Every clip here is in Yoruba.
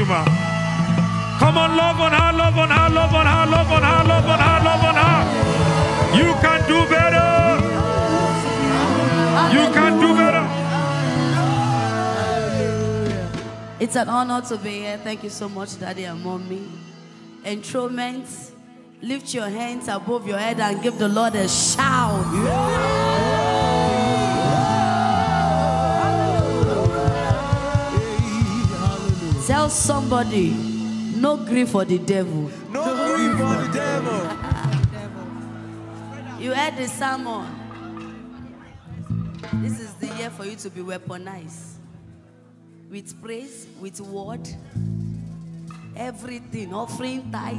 Juma. Come on, love on her, love on her, love on her, love on her, love on her, love on her. You can do better. You can do better. It's an honor to be here. Thank you so much, Daddy and Mommy. Enthronement, lift your hands above your head and give the Lord a shout. Yeah. Tell somebody, no grief for the devil. No, grief for the devil. you heard the sermon. This is the year for you to be weaponized with praise, with word, everything, offering tithes.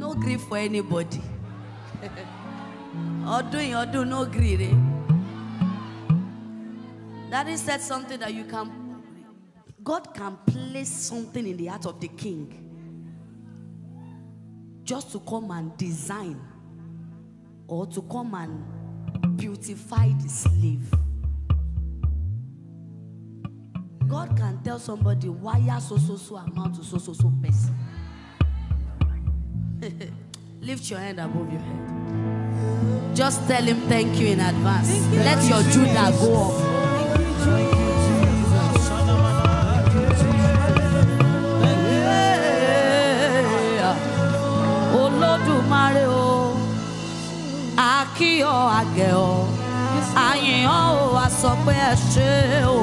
No grief for anybody. or doing, or do no grief. Eh? Daddy said something that you can God can place something in the heart of the king just to come and design or to come and beautify the slave. God can tell somebody why wire so so so amount to so so so person. Lift your hand above your head. Just tell him thank you in advance. You, Let your Judah go up. àyìnbó wa sọ pé ẹ ṣé o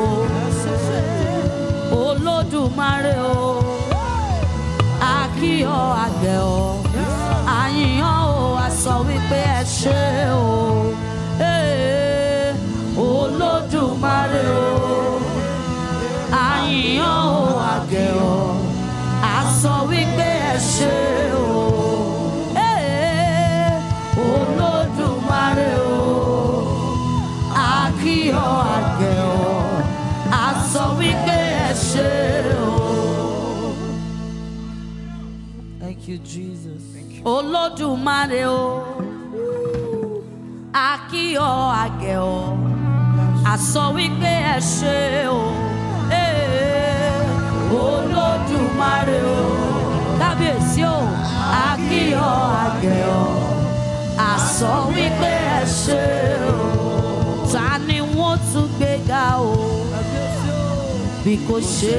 olódùmarè o akíyọ àgbẹ̀ o àyìnbó wa sọ wípé ẹ ṣé o eh, olódùmarè o àyìnbó àgbẹ̀ o. you, Jesus. Thank you. Olódùmarè o. Aki o age o. Aso wípé ẹ ṣé o. Olódùmarè o. Kábíyèsí o. Aki o age o. Aso wípé ẹ ṣé o. Ta ni wọ́n tún o bí kò ṣe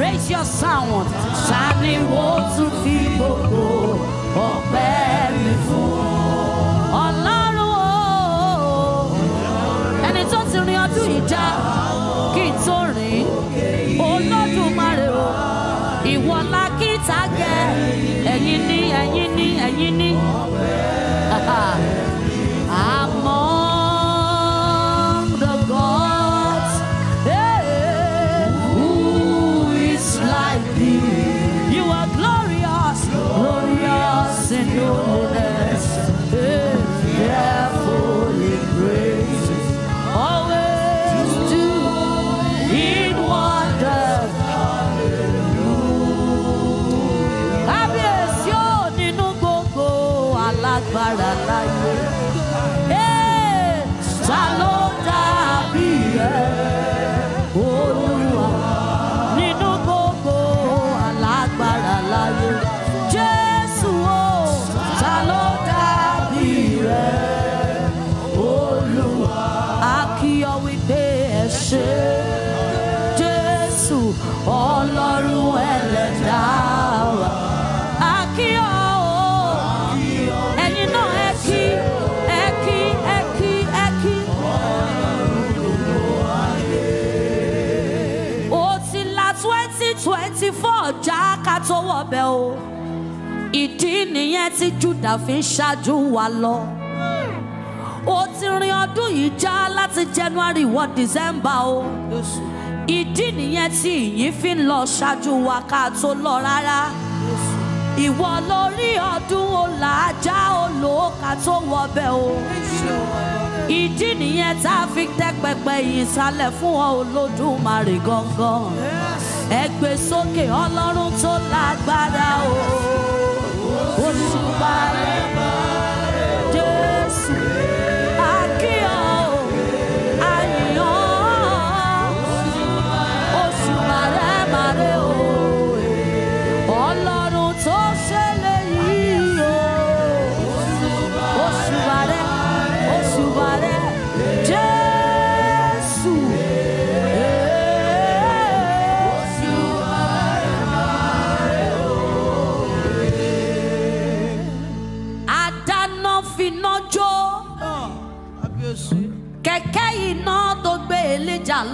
raise your sound. sani wo tún fi gbogbo ọpẹ́ mi fún. ọlọ́run o ẹni tó ti rin ọdún ìjà kí n tó rìn. tó wọ̀bẹ̀ o ìdí nìyẹn tí Júdà fi ń ṣáájú wa lọ ó ti rin ọdún yìí já láti January wọ December o ìdí nìyẹn tí ìyìn fi ń lọ ṣáájú wa ká tó lọ rárá ìwọ lórí ọdún o là á já o lò ó ká tó wọ̀bẹ̀ o ìdí nìyẹn tá a fi tẹ́ pẹpẹ ìyìn fún ọ Olódùmarè gangan. Yeah ẹ gbé sókè ọlọ́run tó lágbára o olùbárẹ̀.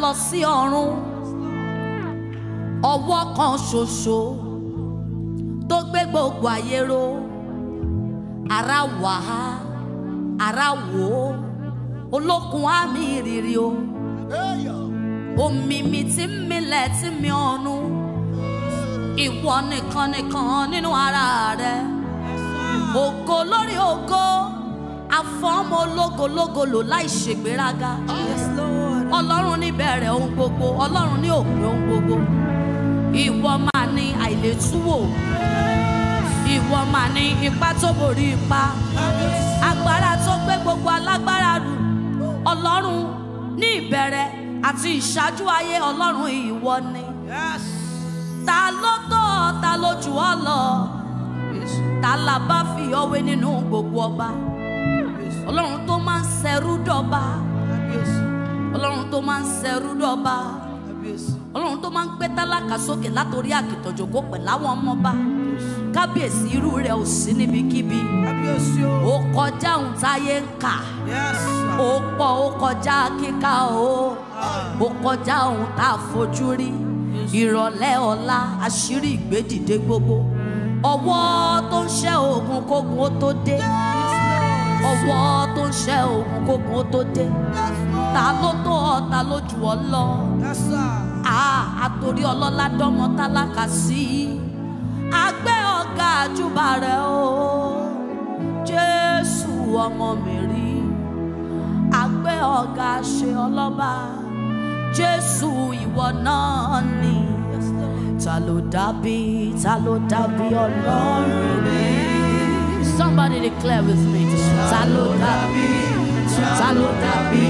lọ sí ọ̀run ọwọ́ kan ṣoṣo tó gbé gbogbo ayé ró ara wà á ara wò ó olókun á ìrírí o omi mi ti ń milẹ̀ tí mi ọ̀nu ìwọ nìkan nìkan nínú ara rẹ ògo lórí ògo afọ́mọ́ ológo láì ṣègbéraga. Yes, ọlọ́run níbẹ̀rẹ̀ ohun gbogbo ọlọ́run ní òpin ohun gbogbo ìwọ máa ní àìlétúwò ìwọ máa ní ipá tó borí ipá agbára tó gbé gbogbo alágbára rù ọlọ́run ní ìbẹ̀rẹ̀ àti ìṣáájú ayé ọlọ́run ìwọ ni ta ló tó ta ló jù ọ́ lọ ta la bá fi ọwé nínú gbogbo ọba ọlọ́run tó máa ń ṣẹrú dọba. Yes ọlọ́run tó máa ń ṣẹrú dọ́ba ọlọ́run tó máa ń gbé tálákà sókè látòrí àkìtọ̀jọ̀kọ́ pẹ̀láwọn ọmọba kábíyèsí irú rẹ̀ ò sí níbikíbi ó kọjá ohun táyé ń kà ó pọ̀ ó kọjá kíkà ó ah. ó kọjá ohun tá a fojú rí ìrọ̀lẹ́ ọ̀la àṣírí ìgbédìde gbogbo mm. ọwọ́ tó ń ṣẹ́ oògùn kógun ó tó dé ọwọ́ tó ń ṣẹ́ oògùn kógun ó tó dé ta ló tó ọ ta ló jù ọ lọ. àtòrí ọlọ́lá dánmọ́ tálákà sí i àgbẹ̀ ọ̀gá àjùbà rẹ̀ o jésù ọmọ mi rí àgbẹ̀ ọ̀gá ṣe ọlọ́ba jésù ìwọ náà ni ta ló dàbí ta ló dàbí ọlọ́run mi. somebody declare with me ta ló dàbí ta ló dàbí.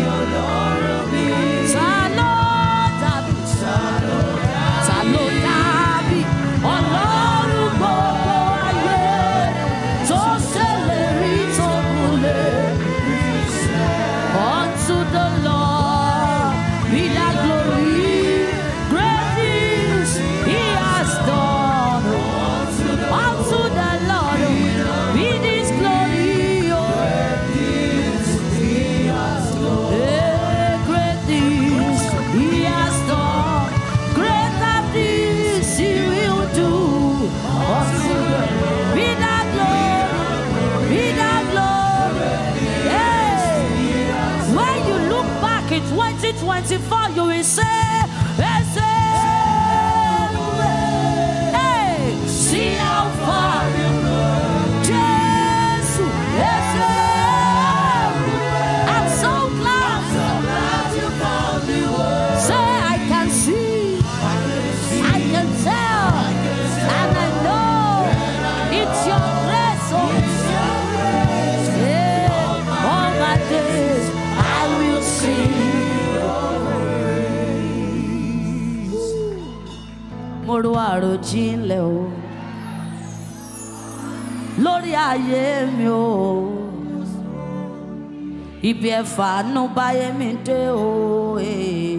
ibi ẹ̀fà nù báyé mi dé òye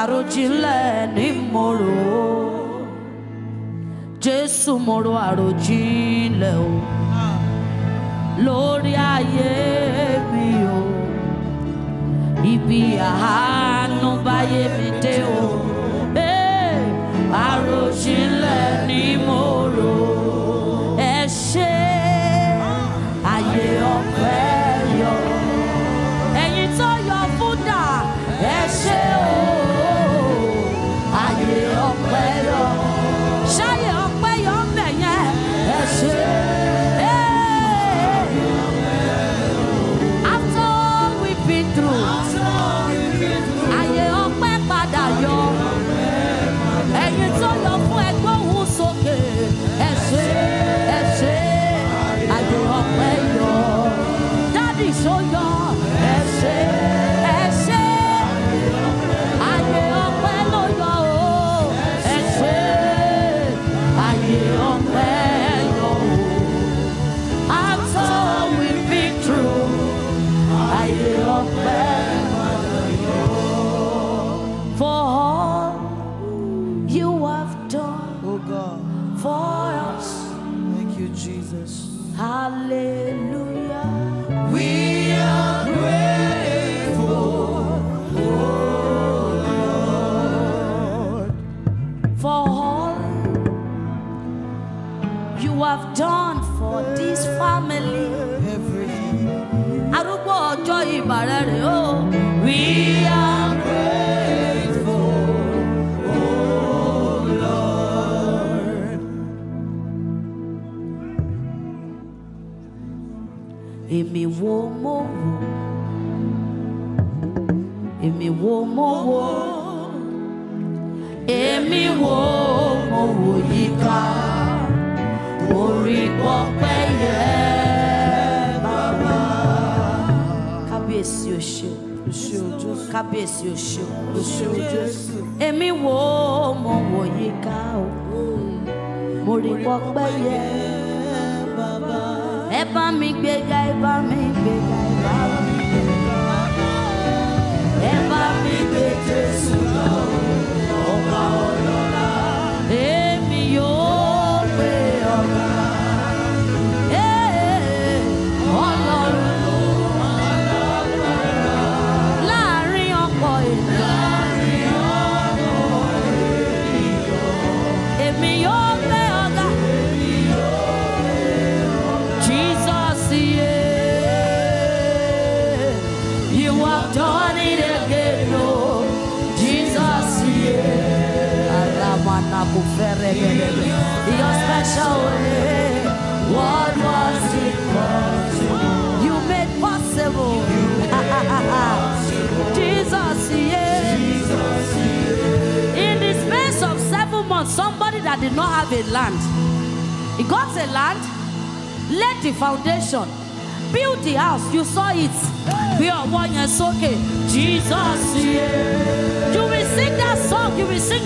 àròjinlẹ̀ ní mòrò Jésù mòrò àròjinlẹ̀ o lórí ayé mi o ibi àánú báyé mi dé o àròjinlẹ̀ ní mòrò. Your special way, what was it? You made possible. You made possible. Jesus, yeah. Jesus, yeah. In the space of seven months, somebody that did not have a land, he got a land, laid the foundation, built the house. You saw it. We are one and okay. Jesus, yeah. You will sing that song. You will sing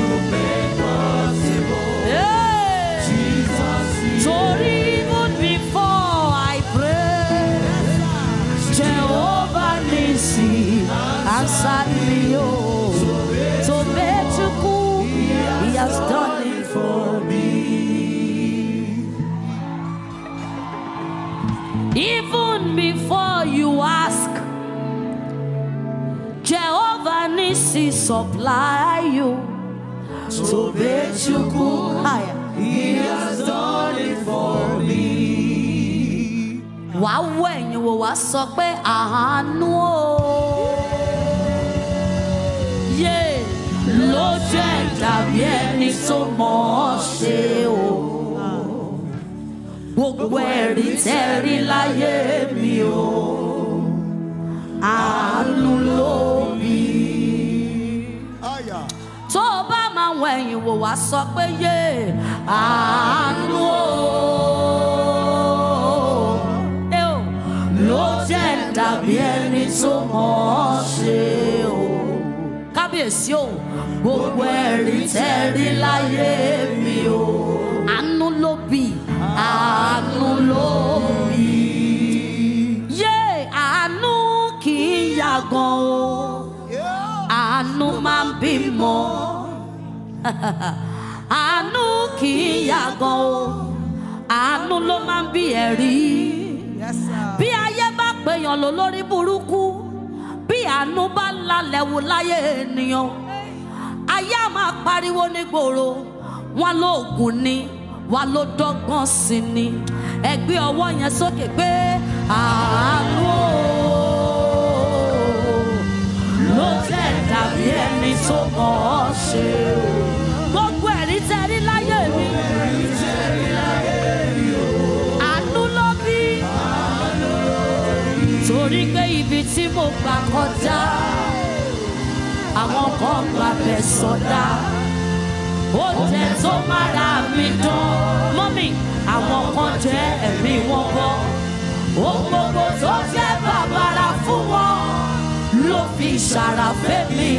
supply you. So Betshuku, He has done it for me. Wàá wẹ̀yìn wò wá sọ pé àánú o. Yé ló jẹ́ dàbí ẹni tó mọ̀ ọ́ ṣe o. Gbogbo ẹ̀rí tẹ́rí o. Àánú ló máwọn ẹ̀yìn wò wá sọ pé yé àánú o ló jẹ́ dàbí ẹni tó mọ̀ ọ́ ṣe o. kábíyèsí o gbogbo ẹ̀rí tẹ́rí láyé mi o. àánú ló bí àánú ló bí. yé àánú kì í yàgàn o àánú máa ń bímọ. àánú kì í yàgàn o àánú ló máa ń bí ẹ̀rí bí ayé bá pèèyàn lò lórí burúkú bí àánú bá lálẹ́ láyé ènìyàn ayé á máa pariwo nígboro wọn lóògùn ni wọn ló dọ́gbọ́n sí ni ẹ gbé ọwọ́ yẹn sókè pé àánú ló tẹ̀ dàbí ẹni tó mọ̀ ọ́ ṣe o. torí pé ibi tí mo gbà kọjá àwọn kan gbà bẹ sọdá ó jẹ tó mára mi dán mọ́mì àwọn kan jẹ ẹ̀mí wọn bọ́ ó gbogbo tó jẹ́ bàbàrà fún wọn ló fi ṣàràfẹ́ mi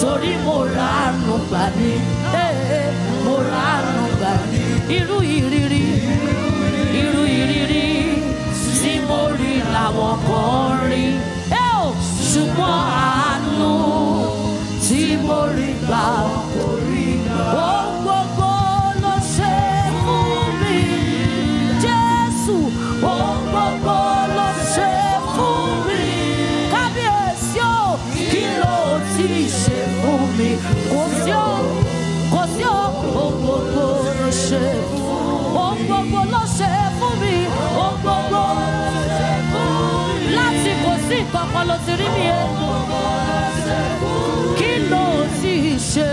torí mo ràánú gbà ní mo ràánú gbà ní irú ìrírí. àwọn kan rí ṣùgbọ́n àánú tí mo rí gbà The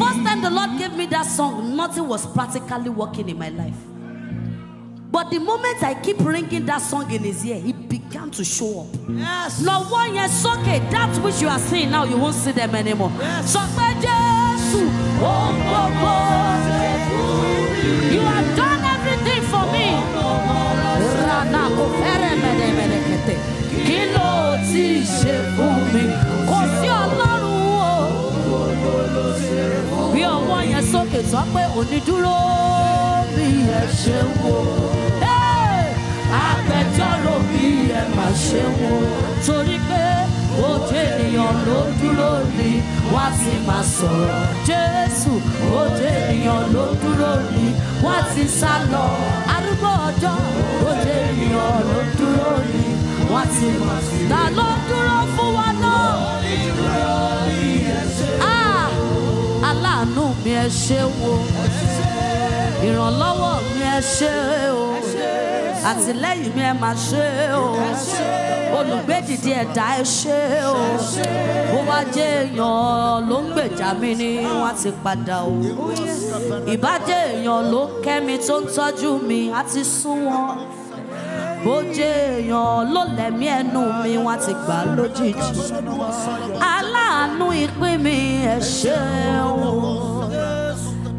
first time the Lord gave me that song, nothing was practically working in my life. But the moment I keep ringing that song in his ear, he began to show up. Yes. Lord, one year, okay, that which you are seeing now, you won't see them anymore. Yes. So, Jesus, oh, oh, oh, sọ pé òní dúró bí ẹ ṣe ń wo agbẹjọ́rò bí ẹ má ṣe ń wo torí pé ojú ènìyàn ló dúró ní wá sí máa sọ̀rọ̀ Jésù ojú ènìyàn ló dúró ní wá sí sá lọ arúgbó ọjọ́ ojú ènìyàn ló dúró ní wá sí máa sọ̀rọ̀ ta ló dúró fún wa náà àánú mi ẹ ṣé wo ìrànlọ́wọ́ mi ẹ ṣé o àtìlẹ́yìn mi ẹ máa ṣé o olùgbédìdí ẹ̀dá ẹ ṣé o bó bá jẹ́ èèyàn ló ń gbèjà mi ni wọ́n ti padà o ìbá èèyàn ló ń kẹ́ mi tó ń tọ́jú mi á ti sún wọn bó èèyàn ló lẹ̀mí ẹnu mi wọ́n ti gbà lójijì aláàánú ìpín mi ẹ ṣé o.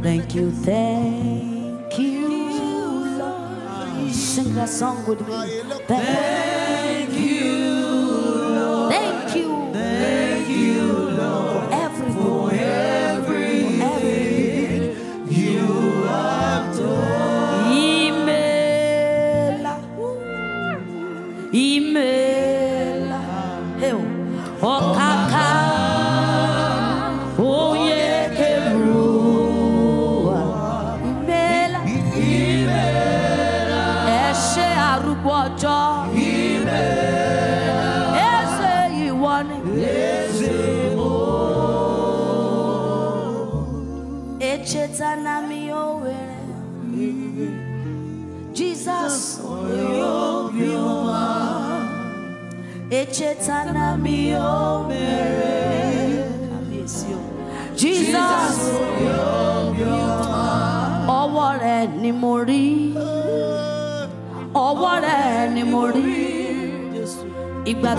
Thank you, thank you, Lord. Sing that song with me. Thank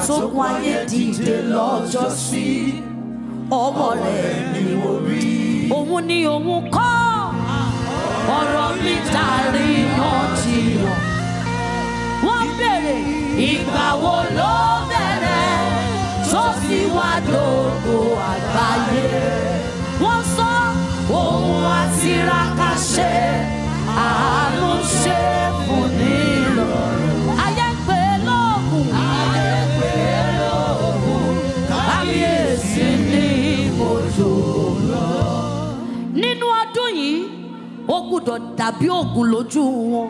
so quiet, the Lord, just gbọ́dọ̀ dàbí òògùn lójú wọn.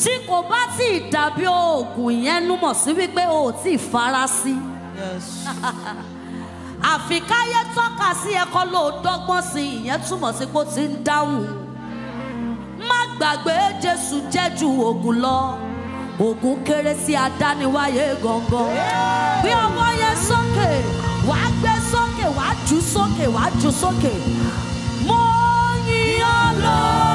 tí kò bá tí ì dàbí òògùn yẹn númọ̀ sí wípé o ò tí ì fara sí. àfi káyé tọ́ka sí ẹ̀kọ́ ló dọ́gbọ́n sí ìyẹn túmọ̀ sí pé ó ti ń dáhùn. má gbàgbé Jésù jẹ́ ju òògùn lọ ògùn kéré sí adániwáyé gangan. bí ọwọ́ yẹn sókè wàá gbé sókè wàá jù sókè wàá jù sókè love.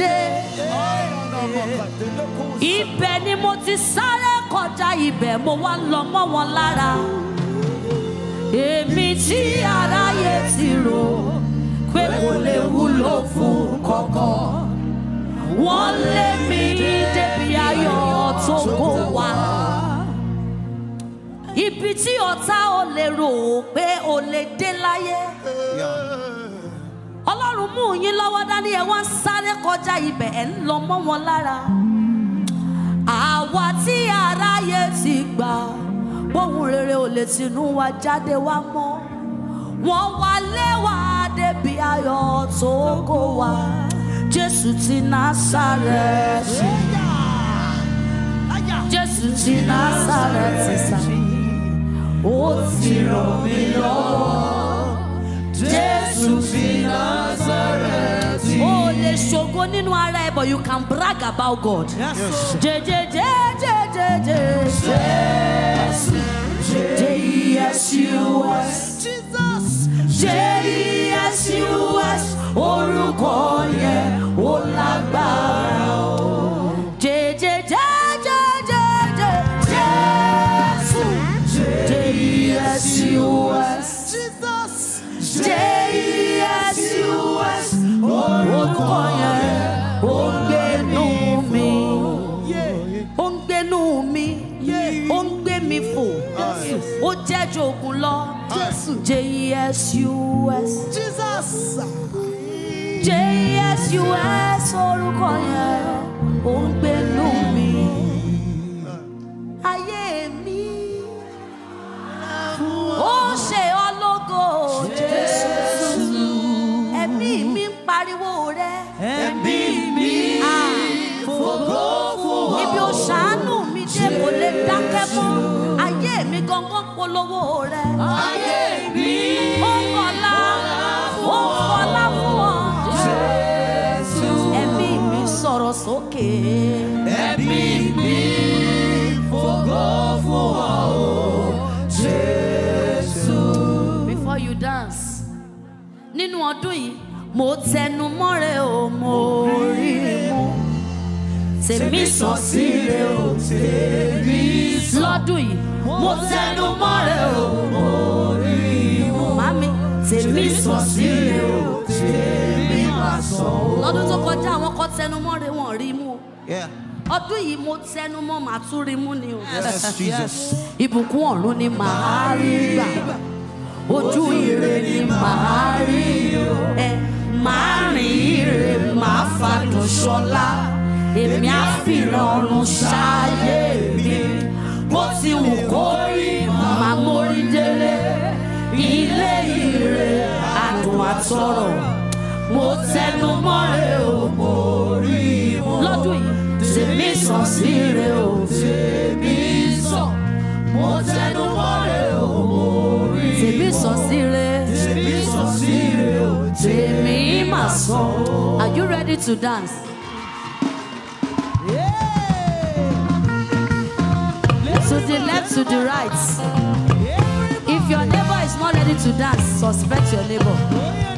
dé. Ibẹ̀ ni mo ti sáré kọjá ibẹ̀ mo wá lọ mọ́ wọn lára. Èmi tí aráyé ti rò pé kò lè wúlò fún kankan. Wọ́n lé mi débi ayọ̀ tó kó wa. Ibi tí ọ̀tá ò lè rò pé ò lè dé láyé. Yeah ọlọ́run mú yín lọ́wọ́ dání ẹ wá sáré kọjá ibẹ̀ ẹ̀ ń lọ mọ́ wọn lára. àwa tí aráyé ti gbà bóhun rere ò lè tinú wa jáde wá mọ́ wọ́n wá lé wa débi ayọ̀ tó kó wa Jésù ti Násárẹ́tì Jésù ti Násárẹ́tì sá ó ti ràn mí lọ́wọ́ Jésù. Jésù ti Násárẹ́tì. O lè ṣògo but you can brag about God. Jẹjẹjẹjẹjẹjẹ. Jésù J-E-S-U-S. Jesus. Jesus. JSUS. Jesus. JSUS orúkọ yẹn ò ń gbénú mi. Ayé mi ó ṣe ológo Jésù. Ẹ̀mí mi ń pariwo rẹ. Ẹ̀mí mi fògó fún ọ. Ibi ò ṣàánú mi dé kò lè dákẹ́ mọ́. Ayé mi gangan polówó rẹ. Ayé mi. before you dance nínú ọdún yìí mo tẹnu mọ́rẹ̀ o mo rí i mú tèmi sọ síre o tèmi sọ lọ́dún yìí mo tẹnu mọ́rẹ̀ o mo rí i mú mami tèmi sọ síre o tèmi máa sọ o. lọ́dún tó kọjá àwọn kan tẹnu mọ́rẹ̀ wọn rí i Yeah. Ọdún yìí mo tẹnu mọ́ màá tún rí mú ni o. Yes, ọ̀run ni màá rí gbà. Ojú ire ni màá rí o. Màá rìn ire, màá fàdùn ṣọlá. Èmi á fìràn ọ̀run ṣáyé mi. Bó ti wù kó rí, màá mórí délé. Ilé ire, adùn àtọ̀rọ̀. Mo tẹnu mọ́ rẹ̀ mo rí i mọ́. Lọ́dún yìí. Are you ready to dance? Yeah. To the left, to the right. If your neighbor is not ready to dance, suspect your neighbor.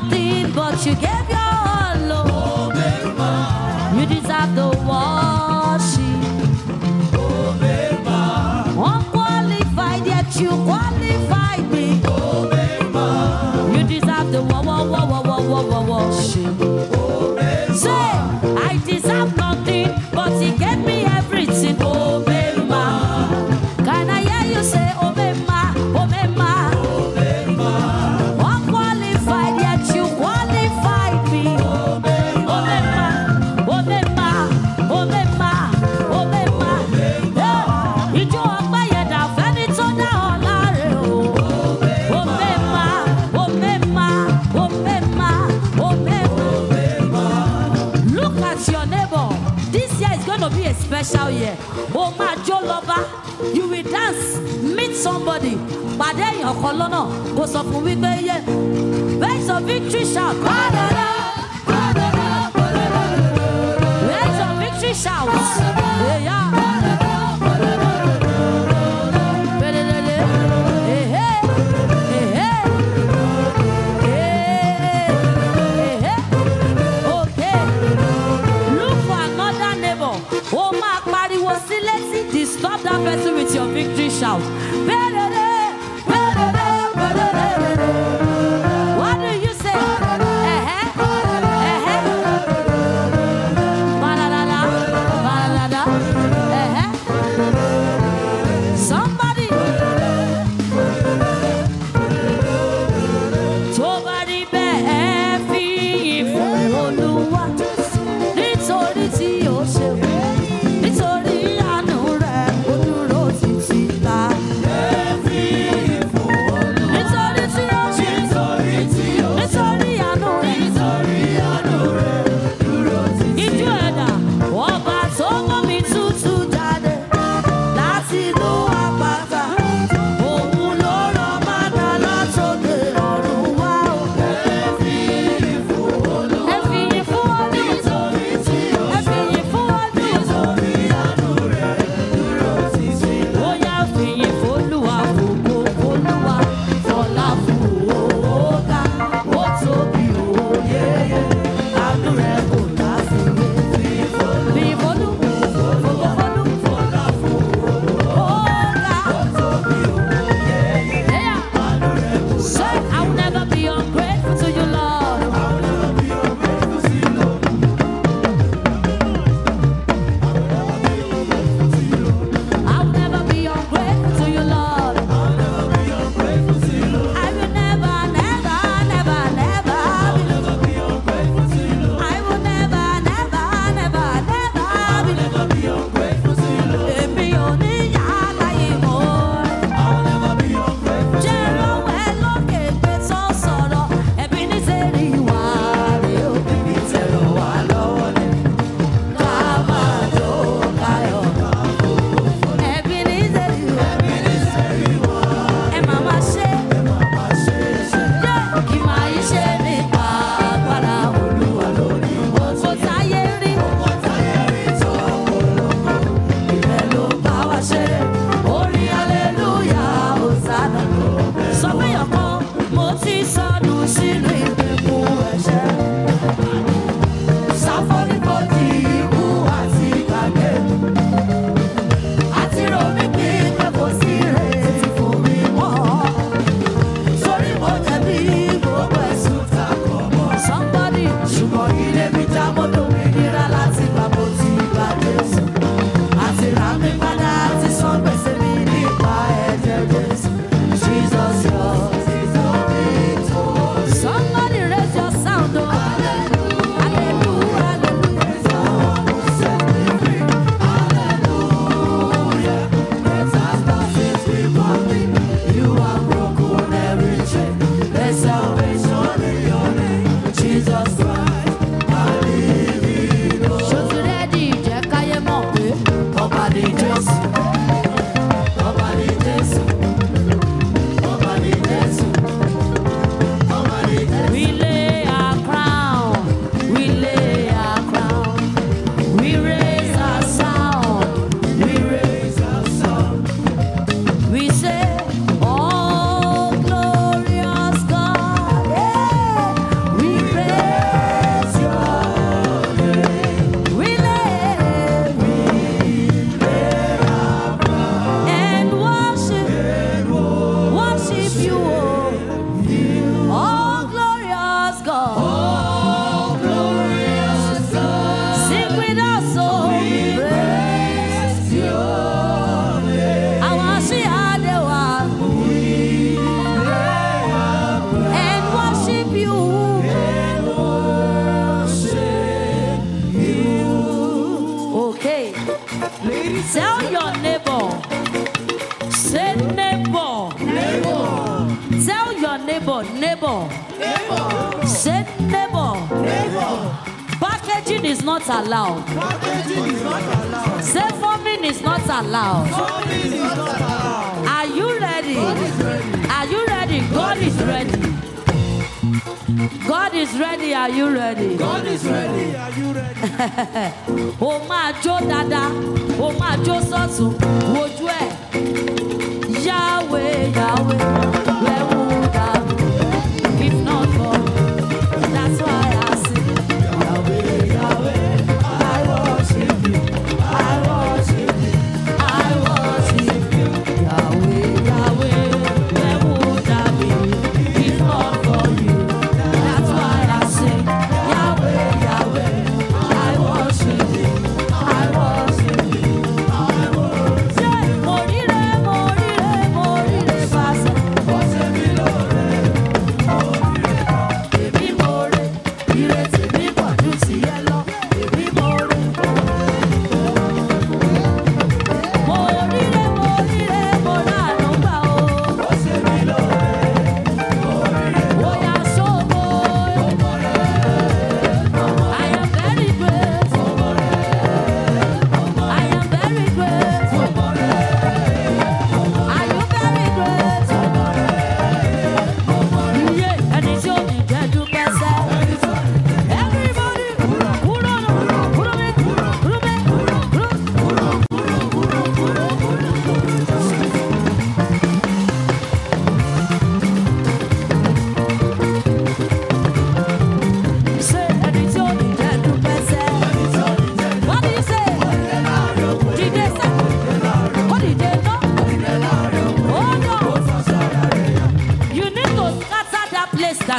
nothing, but you gave your all. Lord. You deserve the worship. Unqualified, yet you qualified. anybody pàdé èèyàn kan lọ́nà kó sọ fún wípé yé base of victory shout. Bàdàdà bàdàdà bàdàdà base of victory shout. Èyà. Stop that person with your victory shout.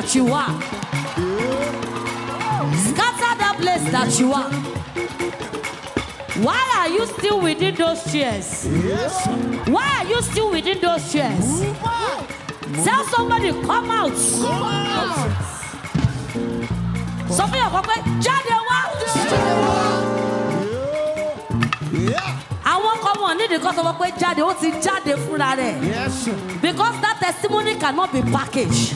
that you are. Scatter that place that you are. Why are you still within those chairs? Why are you still within those chairs? Tell somebody, come out. Come out. Sọ fún yàn kọ pé jáde wá. Àwọn kan wọ̀n nídìí kan sọ fún pé jáde ó ti jáde fúnra rẹ̀. Because that testimony cannot be packaged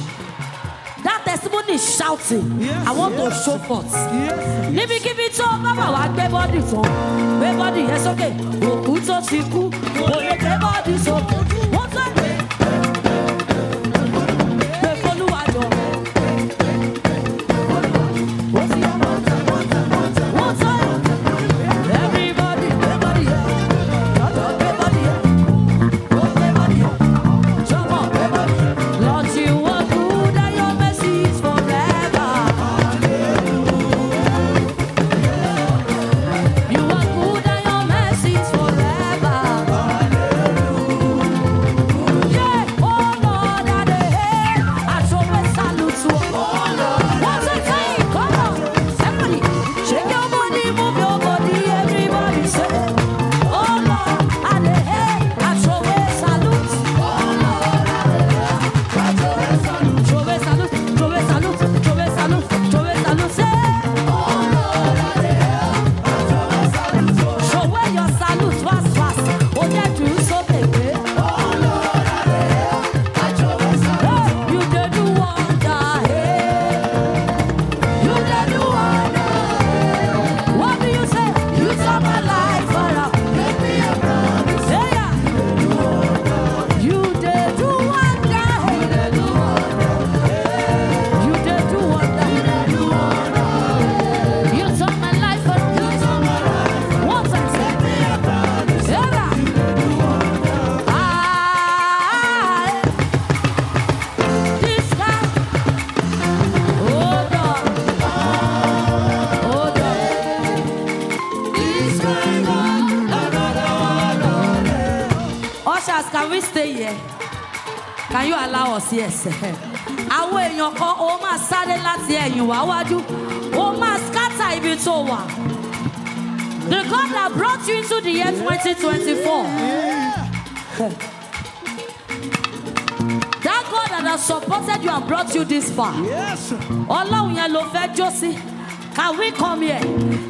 that testimony is shouting yes, I want yes. to show forth níbikíbi tó bàbá wa gbé bọ́dì fún gbé bọ́dì yẹn sókè òkú tó ti kú kò lè gbé bọ́dì sókè. us yes àwọn èèyàn kan ó máa sáré láti ẹ̀yìn wá wájú ó máa scatter ibi tó wà the God that brought you into the year twenty twenty four. That God that has supported you and brought you this far. Yes. Ọlọ́run yẹn ló fẹ́ jó sí. Can we come here?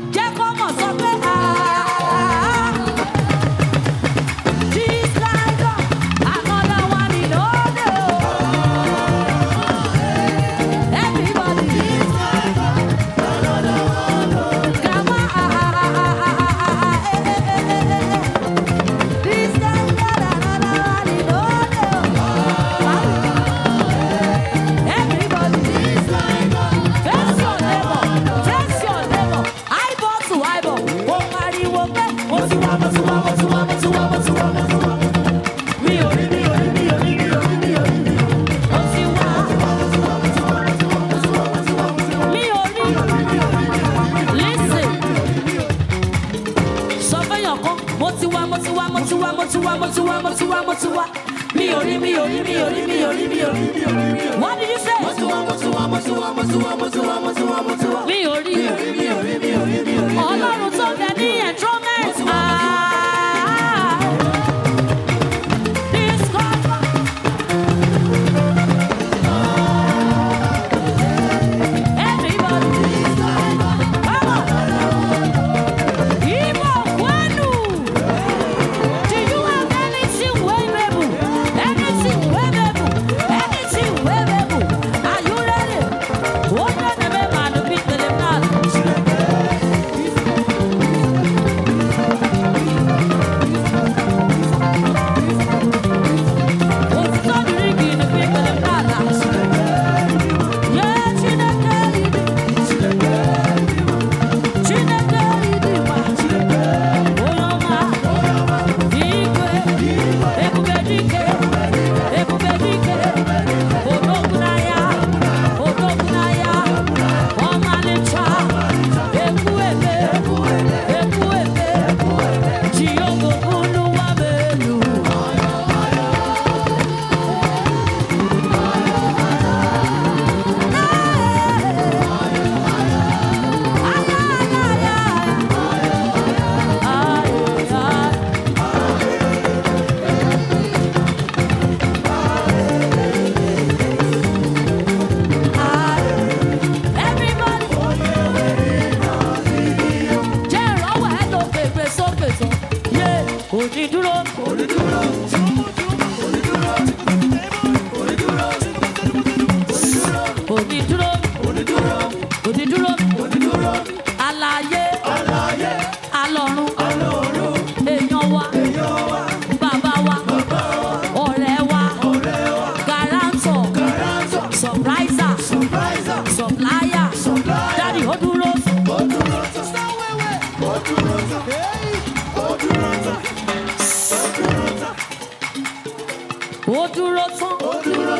ó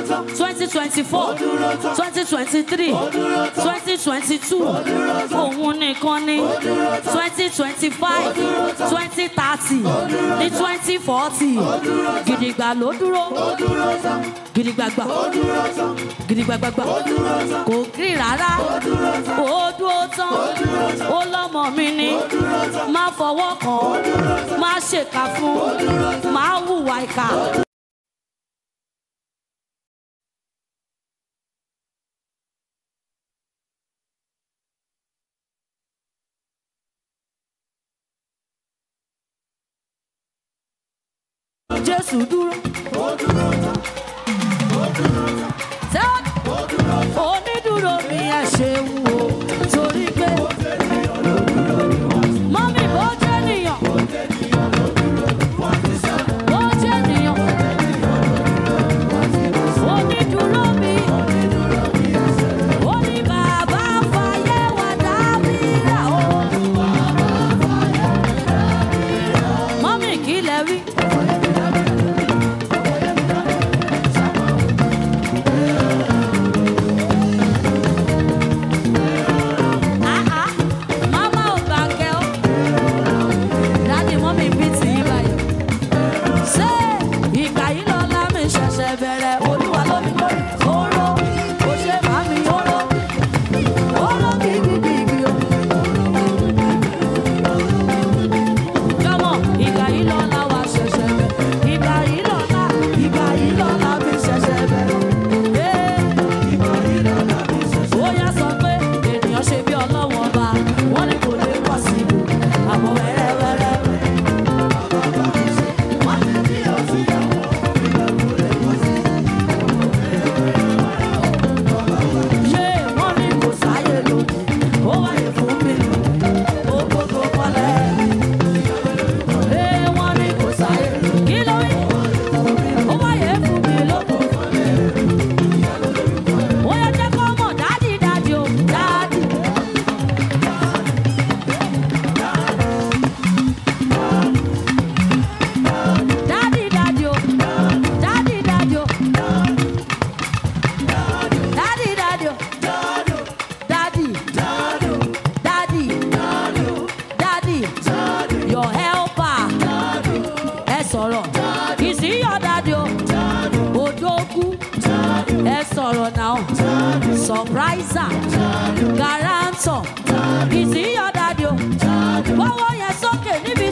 twenty twenty four twenty twenty three twenty twenty two òun nìkan ni twenty twenty five twenty thirty ní twenty forty gidigba ló dúró gidigbagba gidigbagbagba kò kiri rárá ó dúró tán ó lọ́mọ mi ni má fọwọ́ kàn má ṣèkà fún má hùwà ìkà. Jésù dúró. sàn kìsì yọ̀dà dì o wọ́wọ́ yẹn sókè níbi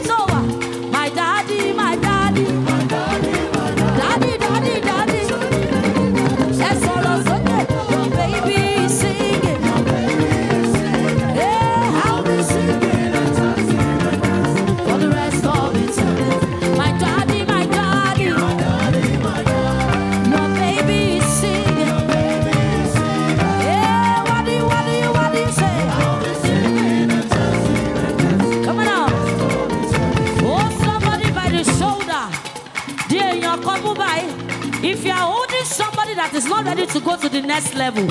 to go to the next level.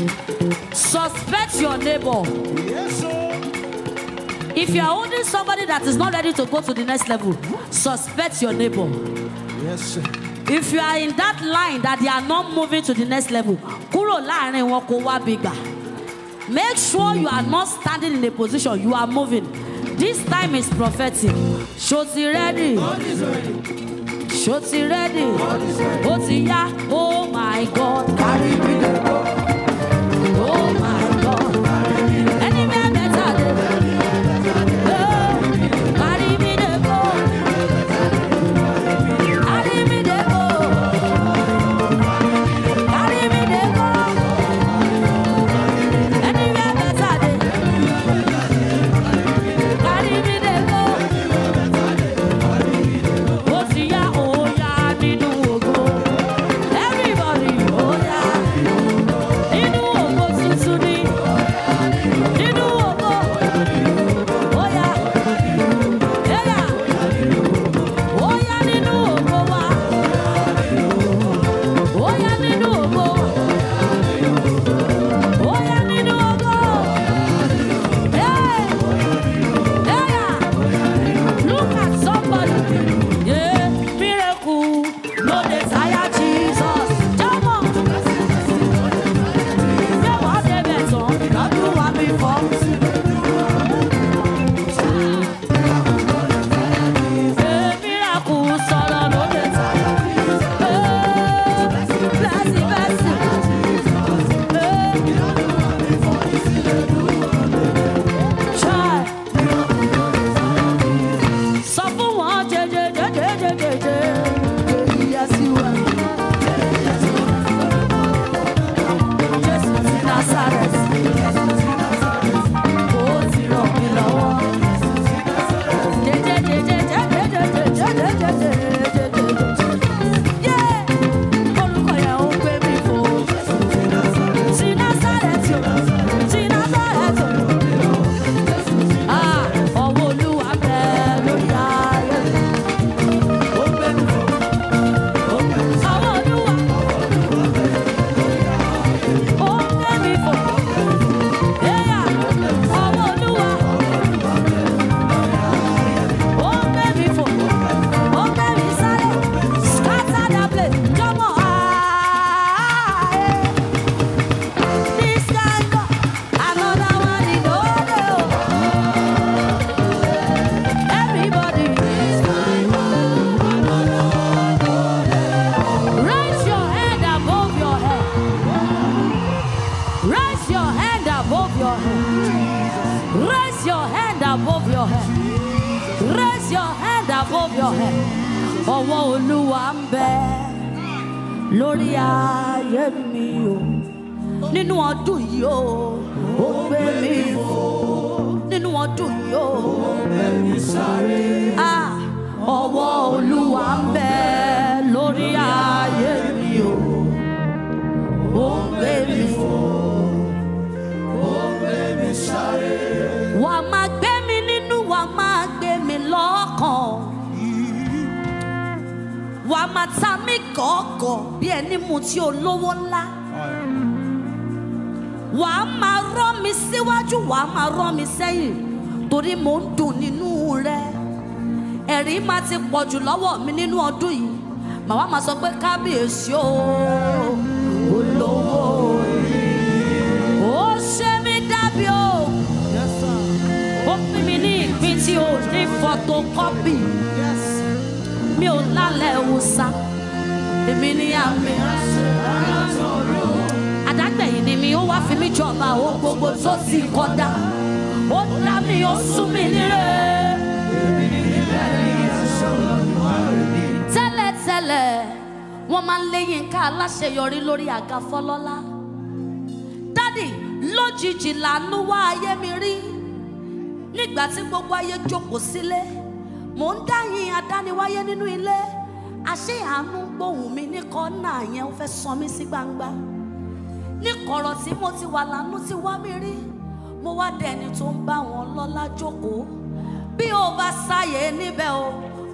Suspect your neighbor. Yes, sir. If you are holding somebody that is not ready to go to the next level, suspect your neighbor. Yes, sir. If you are in that line that they are not moving to the next level, kuro láàrin wọn kó wá bí Make sure you are not standing in a position you are moving. This time is prophetic. Ṣo ti ready? God is ready ṣó ready, rẹ́dì ó ti oh my God carry me the go oh my. wàá máa rọ́ mi síwájú wàá máa rọ́ mi sẹ́yìn torí mò ń dùn nínú rẹ ẹ̀rí máa ti pọ̀ jù lọ́wọ́ mi nínú ọdún yìí màwa máa sọ pé kábíyèsí o olówó orí ó ṣe mí dábì o ó pín mi ní ìpín tí o ní fọ́tòkọ́pì mi ò lálẹ́ òòsa èmi ní àmì ni mi ó wá fi mí jọba ohun gbogbo tó sì kọjá ó dá mi ó sún mi nílé. tẹ́lẹ̀tẹ́lẹ̀ wọ́n máa ń lé Yínká aláṣeyọrí lórí àga fọlọ́lá dádì lójijì làánú wá ayé mi rí nígbà tí gbogbo ayé jókòó sílé mò ń dáyìn adániwáyé nínú ilé àṣé àánú gbóhùn mi ní kọ́nà yẹn ó fẹ́ sọ mí sí gbangba ní kọ̀rọ̀ tí mo ti wà lánú ti wá mi rí mo wá dẹni tó ń bá wọn lọ́lá jókòó bí o bá sáyè níbẹ̀ o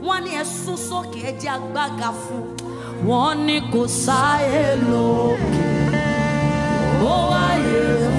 wọ́n ní ẹ sún sókè ẹ jẹ́ agbága fún wọ́n ní kò sáyè lókè ó wáyé o.